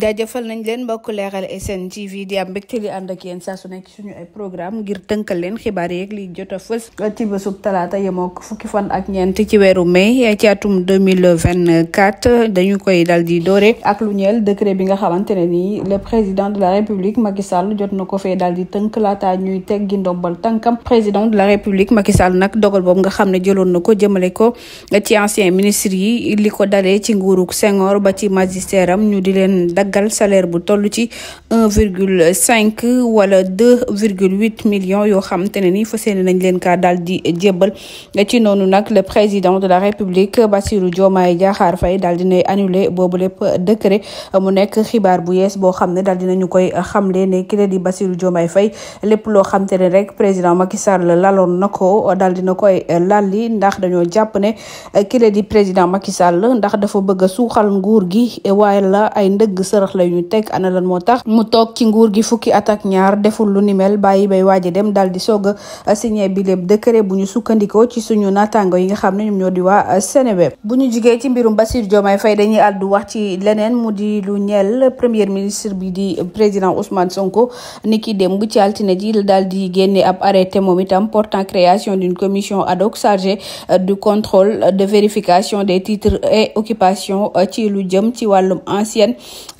jaajëfal nañ leen mbokk leeral SN di am mbégte di ànd ak yéen su nekk suñu ay programme ngir tënkal leen xibaar yeeg li jot a fës ci bésub talaata yemoo ko fukki fan ak ñeent ci weeru mai ci atum 2024 dañu koy dal di doore ak lu ñeel décret bi nga xamante ne nii le président de la république Macky Sall jot na ko fee daal di tënk ñuy teggi tànkam président la république Macky Sall nag dogal boobu nga xam ne jëloon na ko jëmale ko ci ancien ministre yi li ko dale ci nguuruk sengoor ba ci magistère am ñu di leen gal salaire bu tollu ci 1,5 wala 2,8 millions yoham xamante ne ni fas yéene nañ leen kaa daal ci le président de la république Bassirou Diomaye Diakhar Faye Daldine dinay annulé bobu lepp décret mu nek xibar bu yes bo xam ne daal koy xamle ne ki di Bassirou Diomaye Faye lepp lo rek président Macky Sall laloon na ko daal dina japonais ndax dañu di président Macky Sall ndax dafa bëgg a suuxal nguur gi ay ndëgg sërëx la ñu teg ana lan moo tax mu toog ci nguur gi fukki at ak ñaar deful lu ni mel bàyyi bay waaje dem daal di soog a signé bi lépp décret bu ñu sukkandikoo ci suñu naataango yi nga xam ne ñoom ñoo di waa Seneweb bu ñu jugee ci mbirum Bassirou Diomaye fay dañuy àddu wax ci leneen mu di lu ñeel premier ministre bi di président Ousmane Sonko ni ki démb ci altine ji la daal di génne ab arrêté moom itam portant création d'une commission ad hoc chargée euh, du contrôle de vérification des titres et occupations euh, ci lu jëm ci wàllum ancienne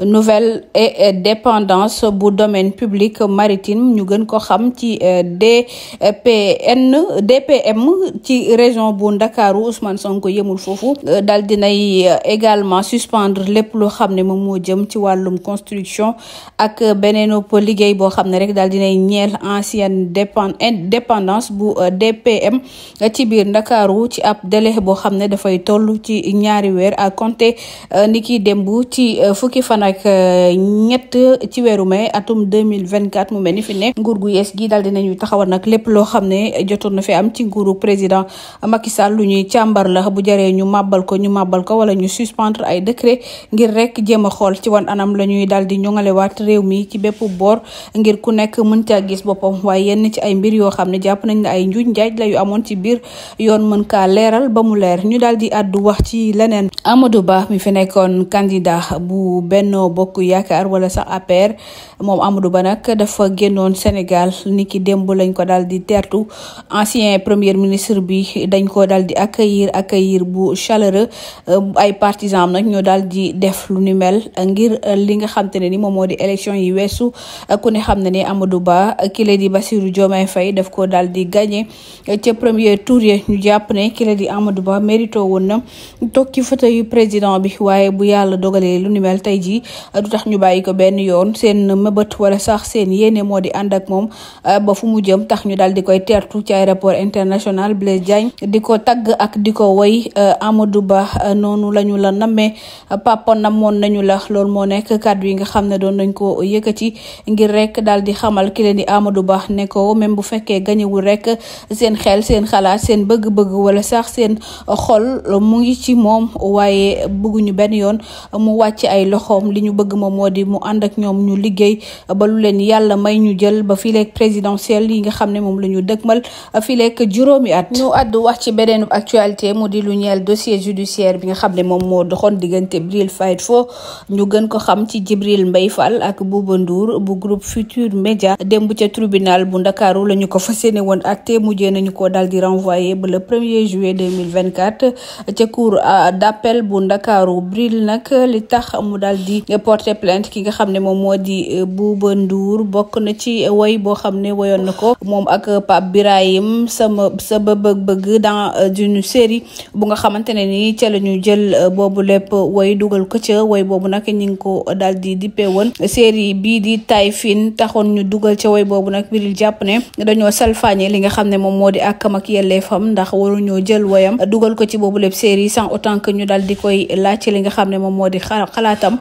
nouvelle et dépendance bu domaine public maritime ñu gën ko xam ci euh, DPN DPM ci région bu Ndakaaru Ousmane Sonko yemul foofu euh, dal dinay euh, également suspendre lépp loo xam ne moom moo jëm ci wàllum construction ak beneen liggéey boo xam ne rek daal dinay ñeel ancienne dépend indépendance eh, bu DPM ci biir Ndakaaru ci ab délai boo xam ne dafay toll ci ñaari weer à compter niki démb ci fukki fan ak eh, ñett ci weeru mai atum 2024 mu mel ni fi ne nguur gu yees gi daal dinañu taxawal nag lépp loo xam ne jotoon na fi am ci nguuru président Macky Sall lu ñuy càmbar la bu jaree ñu màbbal ko ñu màbbal ko wala ñu suspendre ay décret ngir rek jéem a ci wan anam la ñuy daal di ñongalewaat réew mi ci bépp boor ngir ku nekk mën caa gis boppam waaye yenn ci ay mbir yoo xam ne jàpp nañ ne ay njuuj njaaj la yu amoon ci biir yoon mën kaa leeral ba mu leer ñu daal di àddu wax ci leneen Amadou Ba mi fi nekkoon candidat bu benn Benno Bokk Yaakaar wala sax APR moom Amadou Ba nag dafa génnoon Sénégal niki démb lañ ko daal di teertu ancien premier ministre bi dañ ko daal di accueillir accueillir bu chaleureux ay partisans am nag ñoo daal di def lu ni ngir li nga xam ne ni moom moo di élection yi weesu ku ne xam ne ni Amadou Ba kile di Bassirou Diomaye Faye daf ko daal di gagné ca premier tour ya ñu jàpp ne kile di Amadou mérito woon na toog ci fauteuil président bi waaye bu yàlla dogalee lu yi euh, tax ñu bàyyi ko benn yoon seen mëbët wala sax seen yéene moo di ànd ak moom euh, ba fu mu jëm tax ñu daal di koy teertu ci aéroport international Blaise Diagne di ko tagg ak di ko woy euh, Amadou baax noonu lañu la nammee papa moon nañu lax lool moo nekk kàddu yi nga xam ne doon nañ ko yëkkati ngir rek daal di xamal ki leen di Amadou baax ne ko même bu fekkee gañewul rek seen xel seen xalaat seen bëgg-bëgg wala sax seen xol mu ngi ci moom waaye bëgguñu benn yoon mu wàcc ay loxoom itam li ñu bëgg moom moo di mu ànd ak ñoom ñu liggéey ba lu leen yàlla may ñu jël ba fileeg présidentielle yi nga xam ne moom la ñu dëgmal fileeg juróomi at. ñu àddu wax ci beneen actualité mu di lu ñeel dossier judiciaire bi nga xam ne moom moo doxoon diggante Bril Fight Fo ñu gën ko xam ci Jibril Mbaye fal ak Bouba Ndour bu groupe Futur Média démb ca tribunal bu Ndakaaru la ko fa yéene woon acté mujjee nañu ko daal di renvoyé ba le premier juillet 2024 ca euh, di porter plainte ki nga xam ne moom moo di euh, Bouba Ndour bokk na ci euh, woy boo xam ne woyoon na ko moom ak euh, Pape Birahim sama sa bëgg-bëgg dans une série bu nga xamante ne ni ca la ñu jël boobu lépp woy dugal ko ca woy boobu nag ñu ngi ko daal di dippee woon série bii di Taïfin taxoon ñu dugal ca woy boobu nag biril jàpp ne dañoo salfaañe li nga xam ne moom moo di àkkam ak yelleefam ndax waru ñoo jël woyam dugal ko ci boobu lépp série sans autant que ñu daal di koy laaj ci li nga xam ne moom moo di xalaatam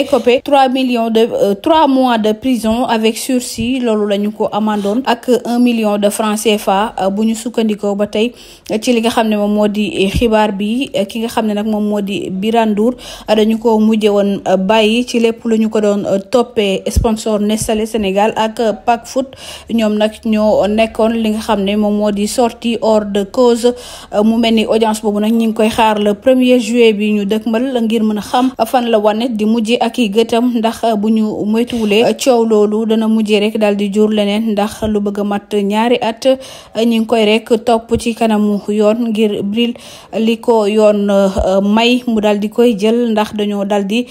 écopé trois millions de euh, trois mois de prison avec sursis la ko amandone ak un million de francs CFA euh, buñu batay bi euh, ki nga ko ci ko sponsor Nestlé Sénégal ak Pack Foot ñom nak ñoo en li nga xamné hors de cause mu audience pour nak koy le premier juillet bi ñu dëkmal ngir la di ak i ndax euh, bu ñu moytuwulee euh, coow loolu dana mujjee rek daal di jur leneen ndax lu bëgg a mat ñaari at euh, ñu ngi koy rek topp ci kanamu yoon ngir bril li ko yoon may mu daal di koy jël ndax dañoo daal di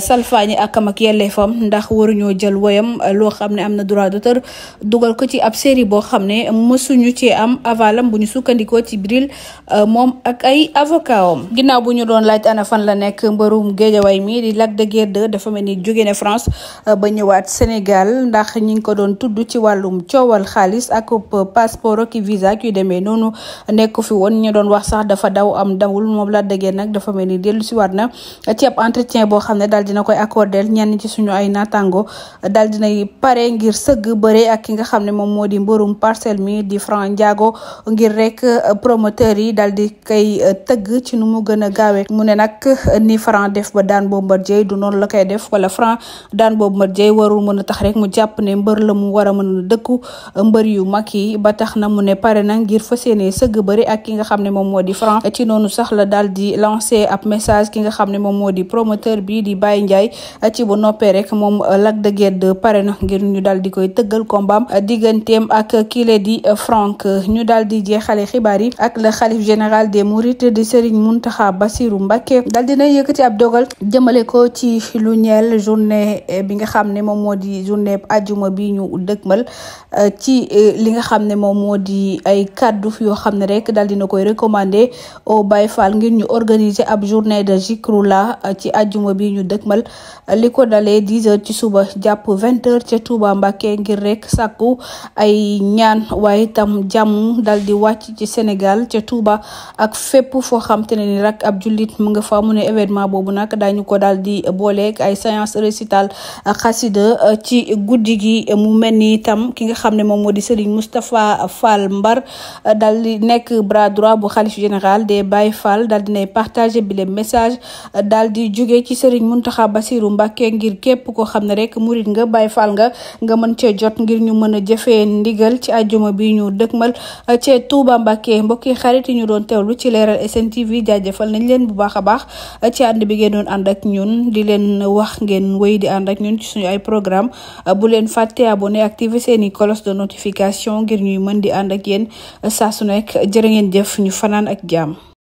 salfaañi ak am ak yelleefam ndax waruñoo jël woyam loo xam ne am na droit d'auteur dugal ko ci ab série boo xam ne mësuñu ci am avalam bu ñu sukkandikoo ci bril moom ak ay avocat am ginnaaw bu ñu doon laaj ana la nekk mbërum géejawaay mi di lag de Guerre dafa mel ni France euh, ba ñëwaat Sénégal ndax ñi ngi ko doon walum ci wàllum coowal xaalis ak passeport ak visa ak yu demee noonu nekk fi woon ñu doon wax sax dafa daw am dawul moom Lac de Guerre nag dafa mel ni dellu si waat na ci ab entretien boo xam ne daal dina koy accordel ñenn ci suñu ay ngir sëgg ak ki nga di mi di Franc Ndiago ngir rek euh, promoteur yi daal di koy euh, tëgg ci nu mu mu ni Franc def ba daan Bombardier du noonu la koy def wala franc daan boobu mat jëy warul mën a tax rek mu jàpp ne mbër la mu war a mën a dëkku mbër yu mag yi ba tax na mu ne pare na ngir fas yéene sëgg bëri ak ki nga xam ne moom moo di franc ci noonu sax la daal di lancé ab message ki nga xam ne moom moo di promoteur bi di Baye Ndiaye ci ba noppee rek moom Lac de Guiers pare na ngir ñu daal di koy tëggal kombaam digganteem ak kile di Franc ñu daal di jeexale xibaar yi ak le xalif général des mourides di Serigne Mountakha Bassirou Mbacké daal ci lu ñeel journée eh, bi nga xam ne moom moo di journée ajuma bi ñu dëgmal eh, ci eh, li nga xam ne moom moo di ay kaddu yoo xam ne rek daal dina koy recommander au Baye Fall ngir ñu organiser ab journée de zikrullah ci ajuma bi ñu dëgmal li ko dalee dix heures ci suba jàpp vingt heures ca Touba Mbacké ngir rek sakku ay ñaan waaye itam jàmm dal di wàcc ci Sénégal ca Touba ak fépp foo xam te ne ab jullit mu nga ne événement boobu nag dañu ko daal booleeg ay séance récital xasida euh, ci guddi gi mu mel ni itam ki nga xam ne moom moo di Serigne Moustapha Fall Mbar euh, dal di nekk bras droit bu xalif général des Baye Fall dal di nay partagé bi le message euh, dal di jóge ci Serigne Mountakha basiru Mbacké ngir képp koo xam ne rek murit nga Baye Fall nga nga mën cee jot ngir ñu mën a jëfee ndigal ci àjjuma bi ñu dëkmal cee Touba Mbacké mbokki xarit yi ñu doon teewlu ci Leeral SN TV jaajëfal nañ leen bu baax a baax leen wax ngeen wéy di ànd ak ñun ci suñu ay programme bu leen fàtte abonné activer seeni cloche de notification ngir ñuy mën di ànd ak yéen saa su nekk jërë ngeen jëf ñu fanaan ak jàmm